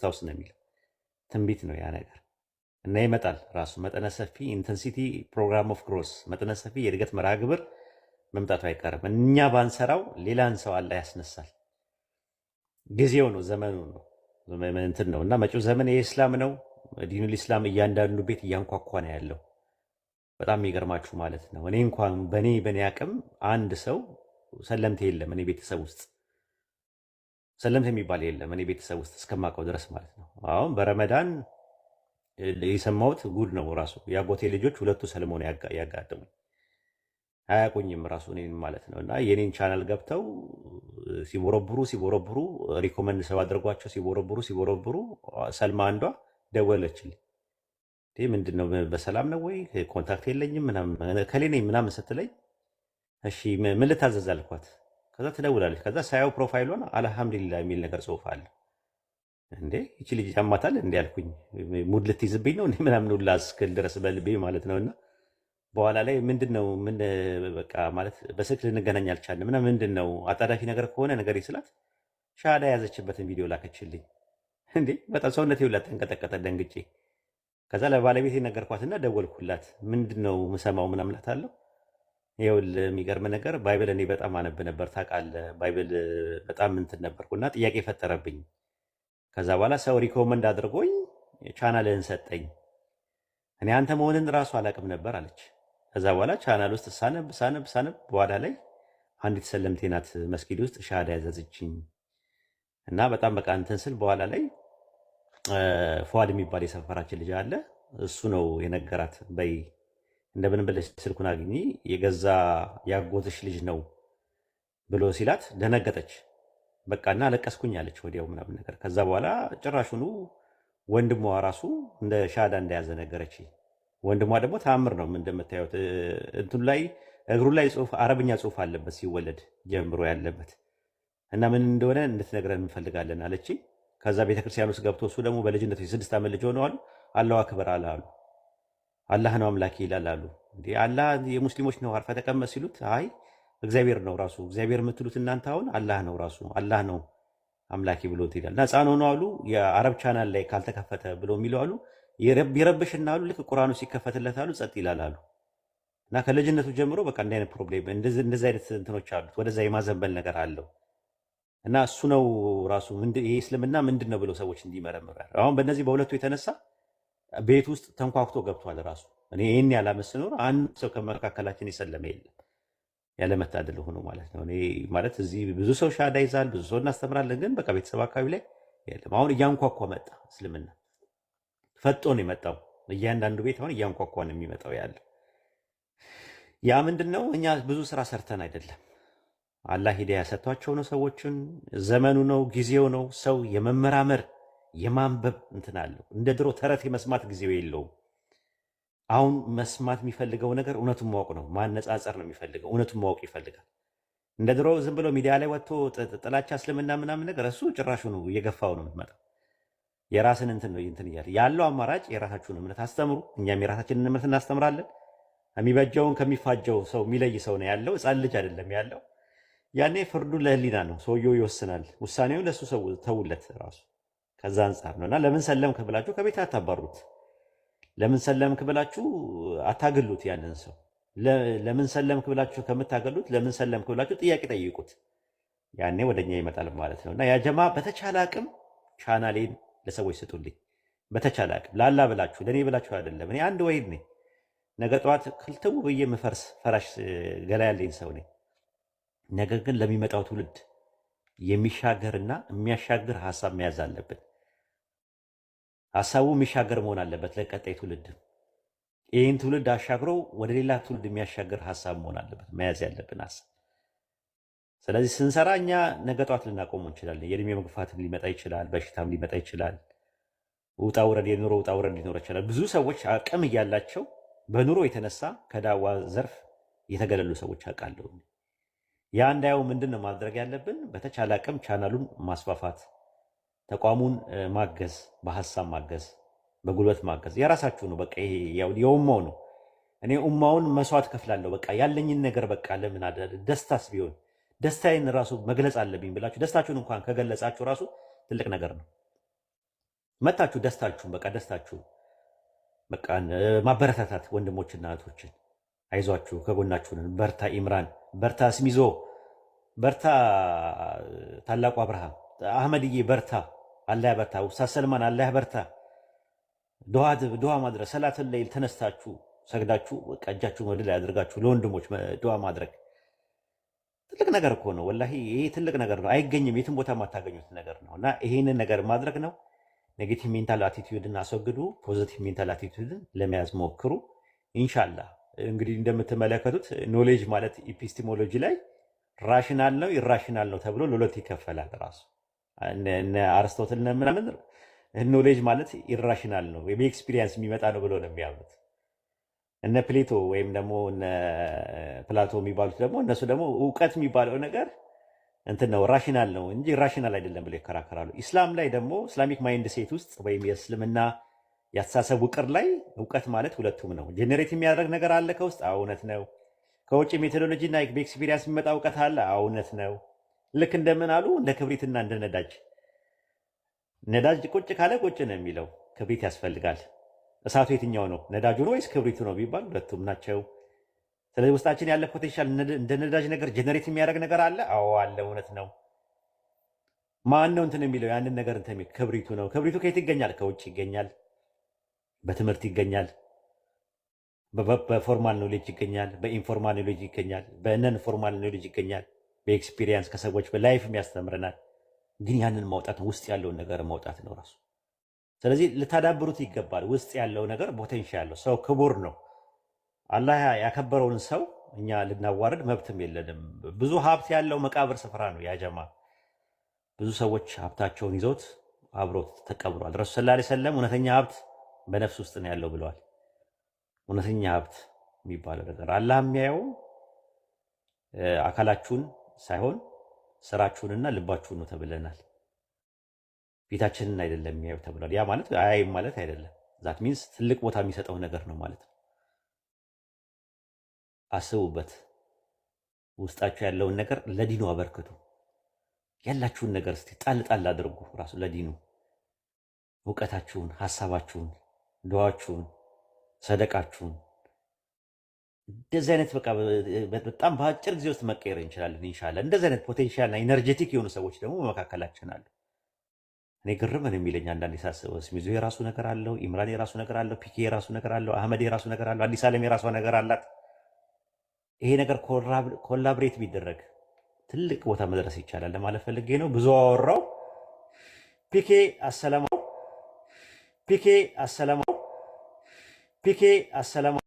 አስታውስ ነው የሚለው ትንቢት ነው ያ ነገር እና ይመጣል ራሱ መጠነ ሰፊ ኢንተንሲቲ ፕሮግራም ኦፍ ግሮስ መጠነ ሰፊ የእድገት መርሃ ግብር መምጣቱ አይቀርም። እኛ ባንሰራው ሌላን ሰው አላህ ያስነሳል። ጊዜው ነው ዘመኑ ነው እንትን ነው እና መጪው ዘመን የእስላም ነው። ዲኑል ኢስላም እያንዳንዱ ቤት እያንኳኳ ነው ያለው። በጣም የሚገርማችሁ ማለት ነው እኔ እንኳን በኔ በኔ አቅም አንድ ሰው ሰለምቴ የለም እኔ ቤተሰብ ውስጥ ሰለምት የሚባል የለም። እኔ ቤተሰብ ውስጥ እስከማውቀው ድረስ ማለት ነው። አሁን በረመዳን የሰማሁት ጉድ ነው ራሱ። የአጎቴ ልጆች ሁለቱ ሰለሞን ያጋጥሙ አያቁኝም ራሱ እኔን ማለት ነው። እና የኔን ቻናል ገብተው ሲቦረብሩ ሲቦረብሩ ሪኮመንድ ሰብ አድርጓቸው ሲቦረብሩ ሲቦረብሩ ሰልማ አንዷ ደወለችልኝ። ምንድን ነው በሰላም ነው ወይ ኮንታክት የለኝም ከሌ ነኝ ምናምን ስትለኝ፣ እሺ ምን ልታዘዝ አልኳት። ከዛ ትደውላለች። ከዛ ሳያው ፕሮፋይሏን አልሐምዱሊላ የሚል ነገር ጽሁፍ አለ። እንዴ ይቺ ልጅ ያማታል እንዲ ያልኩኝ ሙድ ልትይዝብኝ ነው ምናምን ሁላ እስክል ድረስ በልቤ ማለት ነውና በኋላ ላይ ምንድን ነው ምን በቃ ማለት በስልክ ልንገናኝ አልቻለም እና ምንድን ነው አጣዳፊ ነገር ከሆነ ነገር ስላት ሻዳ የያዘችበትን ቪዲዮ ላከችልኝ። እንዴ በጣም ሰውነቴ ሁላ ተንቀጠቀጠ ደንግጬ። ከዛ ለባለቤቴ ነገርኳትና ደወልኩላት። ምንድን ነው ምሰማው ምናምን እላታለሁ ይኸውልህ የሚገርም ነገር ባይብል እኔ በጣም አነብ ነበር ታውቃለህ። ባይብል በጣም እንትን ነበርኩና ጥያቄ ፈጠረብኝ። ከዛ በኋላ ሰው ሪኮመንድ አድርጎኝ ቻናልህን ሰጠኝ። እኔ አንተ መሆንን እራሱ አላውቅም ነበር አለች። ከዛ በኋላ ቻናል ውስጥ ሳነብ ሳነብ ሳነብ በኋላ ላይ አንዲት ሰለምቴ ናት መስጊድ ውስጥ ሻሃዳ ያዘዝችኝ እና በጣም በቃ እንትን ስል በኋላ ላይ ፏድ የሚባል የሰፈራችን ልጅ አለ እሱ ነው የነገራት በይ እንደምን ብለሽ ስልኩን አግኝ የገዛ ያጎትሽ ልጅ ነው ብሎ ሲላት ደነገጠች። እና አለቀስኩኝ አለች ወዲያው ምናምን ነገር። ከዛ በኋላ ጭራሹኑ ወንድሟ ራሱ እንደ ሻዳ እንደያዘ ነገረች። ወንድሟ ደግሞ ተአምር ነው እንደምታዩት። እንትኑ ላይ እግሩ ላይ ጽሁፍ አረብኛ ጽሑፍ አለበት ሲወለድ ጀምሮ ያለበት እና ምን እንደሆነ እንድትነግረን እንፈልጋለን አለች። ከዛ ቤተክርስቲያን ውስጥ ገብቶ እሱ ደግሞ በልጅነቱ የስድስት ዓመት ልጅ ሆነዋል አለው አክበር አለ አሉ አላህ ነው አምላኬ ይላል አሉ። እንዴ አላህ የሙስሊሞች ነው አርፈ ተቀመጥ ሲሉት አይ እግዚአብሔር ነው ራሱ እግዚአብሔር የምትሉት እናንተ አሁን አላህ ነው ራሱ አላህ ነው አምላኬ ብሎት ይላል። እና ነው ሆኖ አሉ የአረብ ቻናል ላይ ካልተከፈተ ብሎ የሚለው አሉ ይረብሽና አሉ ልክ ቁርአኑ ሲከፈትለት አሉ ጸጥ ይላል አሉ። እና ከልጅነቱ ጀምሮ በቃ እንደ አይነት ፕሮብሌም እንደዚህ አይነት እንትኖች አሉት። ወደዛ የማዘንበል ነገር አለው እና እሱ ነው ራሱ ይሄ እስልምና ምንድን ነው ብለው ሰዎች እንዲመረምሩ አሁን በእነዚህ በሁለቱ የተነሳ ቤት ውስጥ ተንኳኩቶ ገብቷል። ራሱ እኔ ይህን ያላመስ ኖር አንድ ሰው ከመካከላችን የሰለመ የለም። ያለመታደል ሆኖ ማለት ነው። እኔ ማለት እዚህ ብዙ ሰው ሻዳ ይዛል፣ ብዙ ሰው እናስተምራለን፣ ግን በቃ ቤተሰብ አካባቢ ላይ የለም። አሁን እያንኳኳ መጣ። እስልምና ፈጦ ነው የመጣው። እያንዳንዱ ቤት አሁን እያንኳኳ ነው የሚመጣው ያለ ያ ምንድን ነው? እኛ ብዙ ስራ ሰርተን አይደለም። አላህ ሂዳያ ሰጥቷቸው ነው ሰዎችን። ዘመኑ ነው፣ ጊዜው ነው። ሰው የመመራመር የማንበብ እንትን አለው። እንደ ድሮ ተረት የመስማት ጊዜው የለውም። አሁን መስማት የሚፈልገው ነገር እውነቱን ማወቅ ነው። ማነጻጸር ነው የሚፈልገው። እውነቱን ማወቅ ይፈልጋል። እንደ ድሮ ዝም ብሎ ሚዲያ ላይ ወጥቶ ጥላቻ፣ እስልምና ምናምን ነገር እሱ ጭራሹ ነው እየገፋው ነው የምትመጣው። የራስን እንትን ነው እንትን እያለ ያለው አማራጭ የራሳችሁን እምነት አስተምሩ። እኛም የራሳችንን እምነት እናስተምራለን። የሚበጀውን ከሚፋጀው ሰው የሚለይ ሰው ነው ያለው። ህፃን ልጅ አይደለም ያለው። ያኔ ፍርዱ ለህሊና ነው። ሰውየው ይወስናል። ውሳኔውን ለእሱ ተውለት ራሱ ከዛ አንጻር ነው እና ለምን ሰለምክ ብላችሁ ከቤት አታባሩት። ለምን ሰለምክ ብላችሁ አታገሉት ያንን ሰው። ለምን ሰለምክ ብላችሁ ከምታገሉት፣ ለምን ሰለምክ ብላችሁ ጥያቄ ጠይቁት። ያኔ ወደኛ ይመጣል ማለት ነው እና ያ ጀማ በተቻለ አቅም ቻናሌን ለሰዎች ስጡልኝ። በተቻለ አቅም ላላ ብላችሁ ለእኔ ብላችሁ አይደለም። እኔ አንድ ወይድ ነኝ። ነገ ጠዋት ክልትው ብዬ ፈራሽ ገላ ያለኝ ሰው ነኝ። ነገር ግን ለሚመጣው ትውልድ የሚሻገርና የሚያሻግር ሀሳብ መያዝ አለብን። ሀሳቡ የሚሻገር መሆን አለበት ለቀጣይ ትውልድ። ይህን ትውልድ አሻግሮ ወደ ሌላ ትውልድ የሚያሻገር ሀሳብ መሆን አለበት መያዝ ያለብን ሀሳብ። ስለዚህ ስንሰራ እኛ ነገ ልናቆሙ እንችላለን። የእድሜ መግፋትም ሊመጣ ይችላል፣ በሽታም ሊመጣ ይችላል። ውጣ ውረድ፣ የኑሮ ውጣ ውረድ ሊኖር ይችላል። ብዙ ሰዎች አቅም እያላቸው በኑሮ የተነሳ ከዳዋ ዘርፍ የተገለሉ ሰዎች አውቃለሁ። ያ እንዳየው ምንድን ነው ማድረግ ያለብን? በተቻለ አቅም ቻናሉን ማስፋፋት ተቋሙን ማገዝ፣ በሀሳብ ማገዝ፣ በጉልበት ማገዝ የራሳችሁ ነው። በቃ ይሄ የኡማው ነው። እኔ ኡማውን መስዋዕት ከፍላለሁ። በቃ ያለኝን ነገር በቃ ለምን ደስታስ ቢሆን ደስታዬን ራሱ መግለጽ አለብኝ ብላችሁ ደስታችሁን እንኳን ከገለጻችሁ ራሱ ትልቅ ነገር ነው። መታችሁ ደስታችሁን በቃ ደስታችሁ በቃ ማበረታታት ወንድሞችና እህቶችን አይዟችሁ፣ ከጎናችሁን፣ በርታ ኢምራን፣ በርታ ስሚዞ፣ በርታ ታላቁ አብርሃም አህመድዬ፣ በርታ አላህ ያበርታ። ኡስታዝ ሰልማን አላህ ያበርታ። ዱዓ ማድረግ ሰላተል ለይል ተነስታችሁ ሰግዳችሁ በቃ እጃችሁን ወደ ላይ አድርጋችሁ ለወንድሞች ዱዓ ማድረግ ትልቅ ነገር እኮ ነው። ወላሂ ይሄ ትልቅ ነገር ነው። አይገኝም፣ የትም ቦታ የማታገኙት ነገር ነው እና ይሄንን ነገር ማድረግ ነው። ኔጌቲቭ ሜንታል አቲቲዩድን አስወግዱ፣ ፖዚቲቭ ሜንታል አቲቲዩድን ለመያዝ ሞክሩ። ኢንሻላ እንግዲህ እንደምትመለከቱት ኖሌጅ ማለት ኢፒስቲሞሎጂ ላይ ራሽናል ነው ኢራሽናል ነው ተብሎ ለሁለት ይከፈላል ራሱ አርስቶትል ምናምን ኖሌጅ ማለት ኢራሽናል ነው ወይም ኤክስፒሪየንስ የሚመጣ ነው ብሎ ነው የሚያምኑት። እነ ፕሌቶ ወይም ደግሞ ፕላቶ የሚባሉት ደግሞ እነሱ ደግሞ እውቀት የሚባለው ነገር እንትን ነው ራሽናል ነው እንጂ ራሽናል አይደለም ብሎ ይከራከራሉ። ኢስላም ላይ ደግሞ ኢስላሚክ ማይንድ ሴት ውስጥ ወይም የእስልምና ያስተሳሰብ ውቅር ላይ እውቀት ማለት ሁለቱም ነው። ጀኔሬት የሚያደርግ ነገር አለ ከውስጥ እውነት ነው። ከውጭ ሜቶዶሎጂ እና በኤክስፒሪየንስ የሚመጣ እውቀት አለ እውነት ነው። ልክ እንደምን አሉ እንደ ክብሪትና እንደ ነዳጅ። ነዳጅ ቁጭ ካለ ቁጭ ነው የሚለው፣ ክብሪት ያስፈልጋል። እሳቱ የትኛው ነው ነዳጁ ነው ወይስ ክብሪቱ ነው ቢባል ሁለቱም ናቸው። ስለዚህ ውስጣችን ያለ ፖቴንሻል እንደ ነዳጅ ነገር ጀነሬት የሚያደርግ ነገር አለ። አዎ አለ፣ እውነት ነው። ማን ነው እንትን የሚለው ያንን ነገር እንትን ክብሪቱ ነው። ክብሪቱ ከየት ይገኛል? ከውጭ ይገኛል፣ በትምህርት ይገኛል፣ በፎርማል ኖሌጅ ይገኛል፣ በኢንፎርማል ኖሌጅ ይገኛል፣ በነን ፎርማል ኖሌጅ ይገኛል። በኤክስፒሪየንስ ከሰዎች በላይፍም ያስተምረናል። ግን ያንን ማውጣት ውስጥ ያለውን ነገር ማውጣት ነው ራሱ። ስለዚህ ልታዳብሩት ይገባል። ውስጥ ያለው ነገር ፖቴንሻል ያለው ሰው ክቡር ነው። አላህ ያከበረውን ሰው እኛ ልናዋርድ መብትም የለንም። ብዙ ሀብት ያለው መቃብር ስፍራ ነው ያጀማ። ብዙ ሰዎች ሀብታቸውን ይዘውት አብሮት ተቀብሯል። ረሱ ስላ ሰለም እውነተኛ ሀብት በነፍስ ውስጥ ነው ያለው ብለዋል። እውነተኛ ሀብት የሚባለው ነገር አላህ የሚያየው አካላችሁን ሳይሆን ስራችሁንና ልባችሁን ነው ተብለናል። ፊታችንን አይደለም የሚያዩ ተብሏል። ያ ማለት አያይም ማለት አይደለም። ዛት ሚንስ ትልቅ ቦታ የሚሰጠው ነገር ነው ማለት ነው። አስቡበት። ውስጣችሁ ያለውን ነገር ለዲኑ አበርክቱ። ያላችሁን ነገር እስቲ ጣል ጣል አድርጉ ራሱ ለዲኑ እውቀታችሁን፣ ሀሳባችሁን፣ ድዋችሁን፣ ሰደቃችሁን እንደዚህ አይነት በቃ በጣም በአጭር ጊዜ ውስጥ መቀየር እንችላለን። ኢንሻላ እንደዚህ አይነት ፖቴንሻልና ኢነርጀቲክ የሆኑ ሰዎች ደግሞ በመካከላችን አሉ። እኔ ግርም ነው የሚለኝ አንዳንድ ሳስበው፣ ስሚዙ የራሱ ነገር አለው፣ ኢምራን የራሱ ነገር አለው፣ ፒኬ የራሱ ነገር አለው፣ አህመድ የራሱ ነገር አለው፣ አዲስ ዓለም የራሷ ነገር አላት። ይሄ ነገር ኮላብሬት ቢደረግ ትልቅ ቦታ መድረስ ይቻላል ለማለት ፈልጌ ነው። ብዙ አወራው። ፒኬ አሰለማው፣ ፒኬ አሰለማው፣ ፒኬ አሰላማው፣ ፒኬ አሰላማው፣ ፒኬ አሰላማው።